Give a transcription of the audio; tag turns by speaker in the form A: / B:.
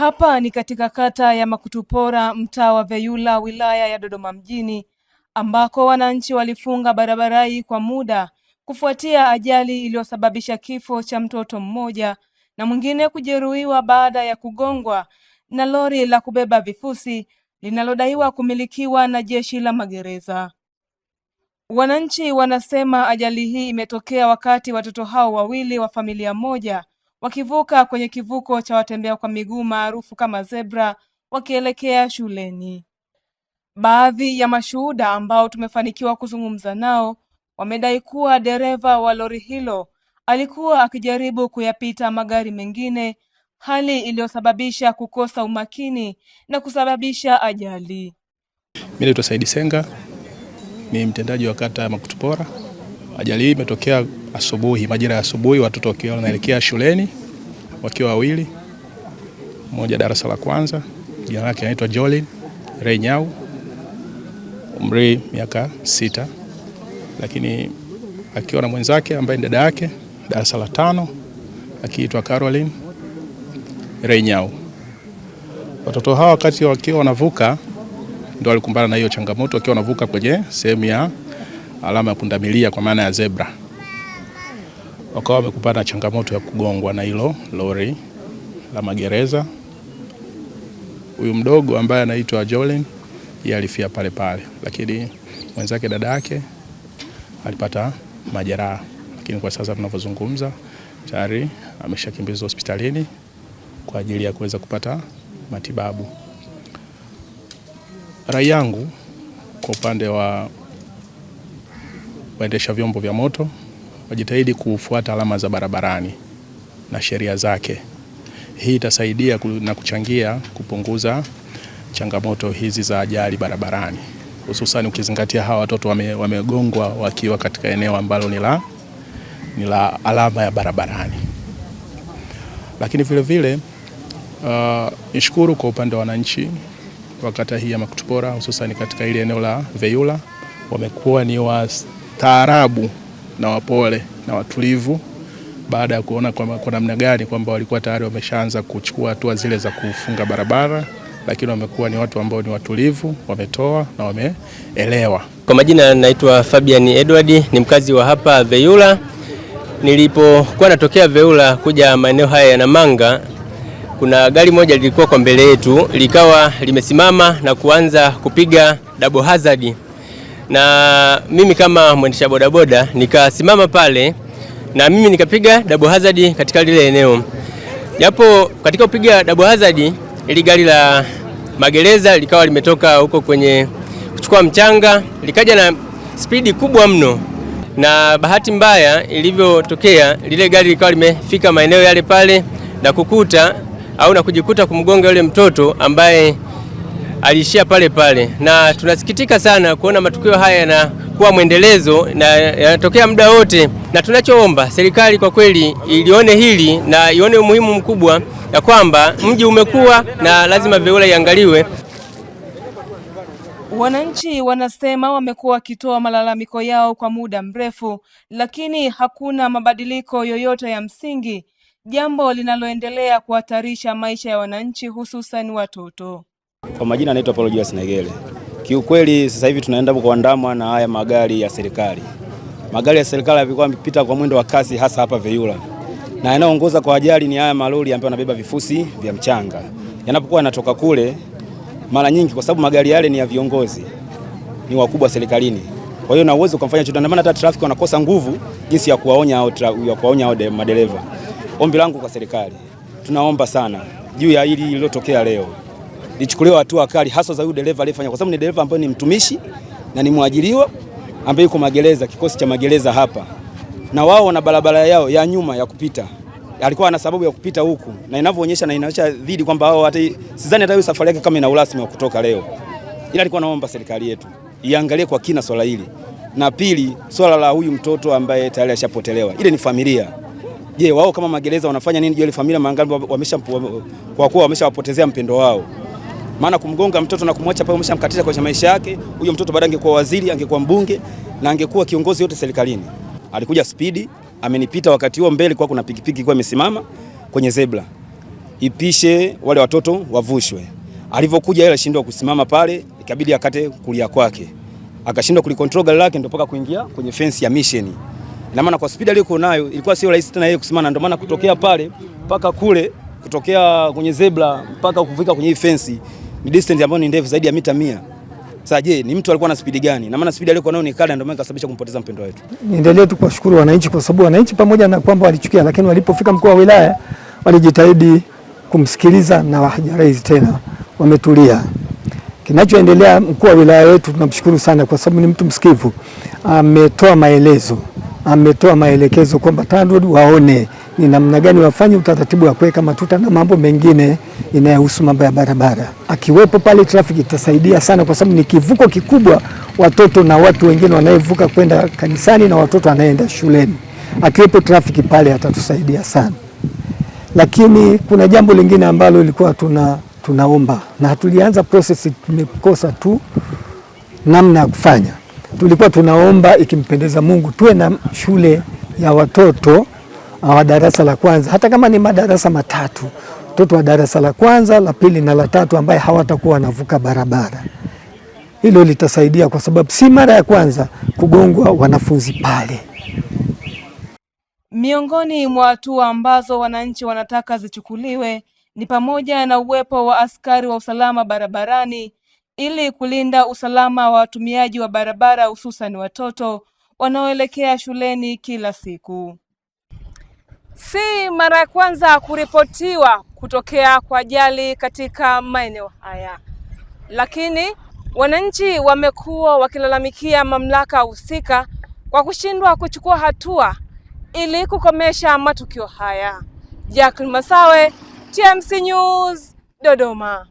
A: Hapa ni katika kata ya Makutupora, mtaa wa Veyula, wilaya ya Dodoma mjini, ambako wananchi walifunga barabara hii kwa muda kufuatia ajali iliyosababisha kifo cha mtoto mmoja na mwingine kujeruhiwa baada ya kugongwa na lori la kubeba vifusi linalodaiwa kumilikiwa na Jeshi la Magereza. Wananchi wanasema ajali hii imetokea wakati watoto hao wawili wa familia moja wakivuka kwenye kivuko cha watembea kwa miguu maarufu kama zebra wakielekea shuleni. Baadhi ya mashuhuda ambao tumefanikiwa kuzungumza nao wamedai kuwa dereva wa lori hilo alikuwa akijaribu kuyapita magari mengine, hali iliyosababisha kukosa umakini na kusababisha ajali.
B: Mimi naitwa Saidi Senga, ni mtendaji wa kata ya Makutupora. Ajali hii imetokea asubuhi, majira ya asubuhi, watoto wakiwa wanaelekea shuleni wakiwa wawili, mmoja darasa la kwanza, jina lake anaitwa Jolin Ray umri miaka sita, lakini akiwa na mwenzake ambaye ni dada yake darasa la tano, akiitwa Caroline Ray Watoto hawa wakati wakiwa wanavuka, ndio walikumbana na hiyo changamoto, wakiwa wanavuka kwenye sehemu ya alama ya pundamilia kwa maana ya zebra, wakawa wamekupata changamoto ya kugongwa na hilo lori la magereza. Huyu mdogo ambaye anaitwa Jolin yeye alifia pale pale, lakini mwenzake dada yake alipata majeraha, lakini kwa sasa tunavyozungumza tayari ameshakimbizwa hospitalini kwa ajili ya kuweza kupata matibabu. Rai yangu kwa upande wa waendesha vyombo vya moto wajitahidi kufuata alama za barabarani na sheria zake. Hii itasaidia na kuchangia kupunguza changamoto hizi za ajali barabarani, hususan ukizingatia hawa watoto wame, wamegongwa wakiwa katika eneo ambalo ni la ni la alama ya barabarani. Lakini vile vile uh, nishukuru kwa upande wa wananchi wa kata hii ya Makutupora hususan katika ile eneo la Veyula wamekuwa ni wa taarabu na wapole na watulivu baada ya kuona kwa, kwa namna gani kwamba walikuwa tayari wameshaanza kuchukua hatua zile za kufunga barabara, lakini wamekuwa ni watu ambao ni watulivu, wametoa na wameelewa.
C: Kwa majina naitwa Fabian Edward, ni mkazi wa hapa Veyula. Nilipokuwa natokea Veyula kuja maeneo haya ya Namanga, kuna gari moja lilikuwa kwa mbele yetu likawa limesimama na kuanza kupiga double hazard na mimi kama mwendesha bodaboda nikasimama pale na mimi nikapiga double hazard katika lile eneo, japo katika kupiga double hazard ili gari la magereza likawa limetoka huko kwenye kuchukua mchanga likaja na spidi kubwa mno, na bahati mbaya ilivyotokea lile gari likawa limefika maeneo yale pale na kukuta au na kujikuta kumgonga yule mtoto ambaye aliishia pale pale, na tunasikitika sana kuona matukio haya yanakuwa mwendelezo na yanatokea muda wote, na tunachoomba serikali kwa kweli ilione hili na ione umuhimu mkubwa ya kwamba mji umekuwa na lazima Veula iangaliwe.
A: Wananchi wanasema wamekuwa wakitoa malalamiko yao kwa muda mrefu, lakini hakuna mabadiliko yoyote ya msingi, jambo linaloendelea kuhatarisha maisha ya wananchi, hususan watoto.
D: Kwa majina anaitwa Paulo Julius Negele. Kiukweli sasa hivi tunaenda kuandamwa na haya magari ya serikali. Magari ya serikali yalikuwa yamepita kwa mwendo wa kasi hasa hapa Veyula, na yanayoongoza kwa ajali ni haya malori ambayo yanabeba vifusi vya mchanga. Yanapokuwa yanatoka kule, mara nyingi, kwa sababu magari yale ni ya viongozi, ni wakubwa serikalini, kwa hiyo na uwezo kumfanya chochote, maana hata trafiki wanakosa nguvu jinsi ya kuwaonya au ya kuwaonya au madereva. Ombi langu kwa serikali, tunaomba sana juu ya hili lililotokea leo lichukuliwa hatua kali, hasa za huyu dereva aliyefanya, kwa sababu ni dereva ambaye ni mtumishi na ni mwajiriwa ambaye yuko magereza, kikosi cha magereza hapa, na wao wana barabara yao ya nyuma ya kupita. Alikuwa ana sababu ya kupita huku, na inavyoonyesha na inaonyesha dhidi kwamba hao, hata sidhani hata hiyo safari yake kama ina urasmi wa kutoka leo, ila alikuwa anaomba serikali yetu iangalie kwa kina swala hili, na pili, swala la huyu mtoto ambaye tayari ashapotelewa, ile ni familia Je, wao kama magereza wanafanya nini? Je, ile familia mangapi wamesha kwa kuwa wameshawapotezea mpendo wao? maana kumgonga mtoto na kumwacha pale umeshamkatisha kwa maisha yake. Huyo mtoto baadaye angekuwa waziri, angekuwa mbunge na angekuwa kiongozi yote serikalini. Alikuja spidi, amenipita wakati huo, mbele kwa kuna pikipiki kwa imesimama kwenye zebra ipishe wale watoto wavushwe. Alivyokuja yeye alishindwa kusimama pale, ikabidi akate kulia kwake, akashindwa kulikontrol gari lake, ndio mpaka kuingia kwenye fence ya mission. Na maana kwa spidi aliyokuwa nayo ilikuwa sio rahisi tena yeye kusimama, ndio maana kutokea pale mpaka kule, kutokea kwenye zebra mpaka kufika kwenye hii fence ni distance ambayo ni ndefu zaidi ya mita mia. Sasa je, ni mtu alikuwa na speed gani? Na maana speed aliyokuwa nayo ni kali, ndio maana kasababisha kumpoteza mpendwa wetu.
E: Niendelee tu kuwashukuru wananchi, kwa sababu wananchi pamoja na kwamba walichukia, lakini walipofika mkuu wa wilaya walijitahidi kumsikiliza na hawajaraizi tena, wametulia. Kinachoendelea, mkuu wa wilaya wetu tunamshukuru sana, kwa sababu ni mtu msikivu, ametoa maelezo, ametoa maelekezo kwamba TANROADS waone ni namna gani wafanye utaratibu wa kuweka matuta na mambo mengine inayohusu mambo ya barabara. Akiwepo pale trafiki itasaidia sana, kwa sababu ni kivuko kikubwa, watoto na watu wengine wanayevuka kwenda kanisani na watoto wanaenda shuleni. Akiwepo trafiki pale atatusaidia sana, lakini kuna jambo lingine ambalo ilikuwa tuna tunaomba na tulianza process, tumekosa tu namna ya kufanya. Tulikuwa tunaomba ikimpendeza Mungu tuwe na shule ya watoto wa darasa la kwanza, hata kama ni madarasa matatu watoto wa darasa la kwanza, la pili na la tatu ambaye hawatakuwa wanavuka barabara. Hilo litasaidia kwa sababu si mara ya kwanza kugongwa wanafunzi pale.
A: Miongoni mwa hatua ambazo wananchi wanataka zichukuliwe ni pamoja na uwepo wa askari wa usalama barabarani ili kulinda usalama wa watumiaji wa barabara hususan watoto wanaoelekea shuleni kila siku.
F: Si mara ya kwanza kuripotiwa kutokea kwa ajali katika maeneo haya, lakini wananchi wamekuwa wakilalamikia mamlaka husika kwa kushindwa kuchukua hatua ili kukomesha matukio haya. Jacqueline Masawe, TMC News, Dodoma.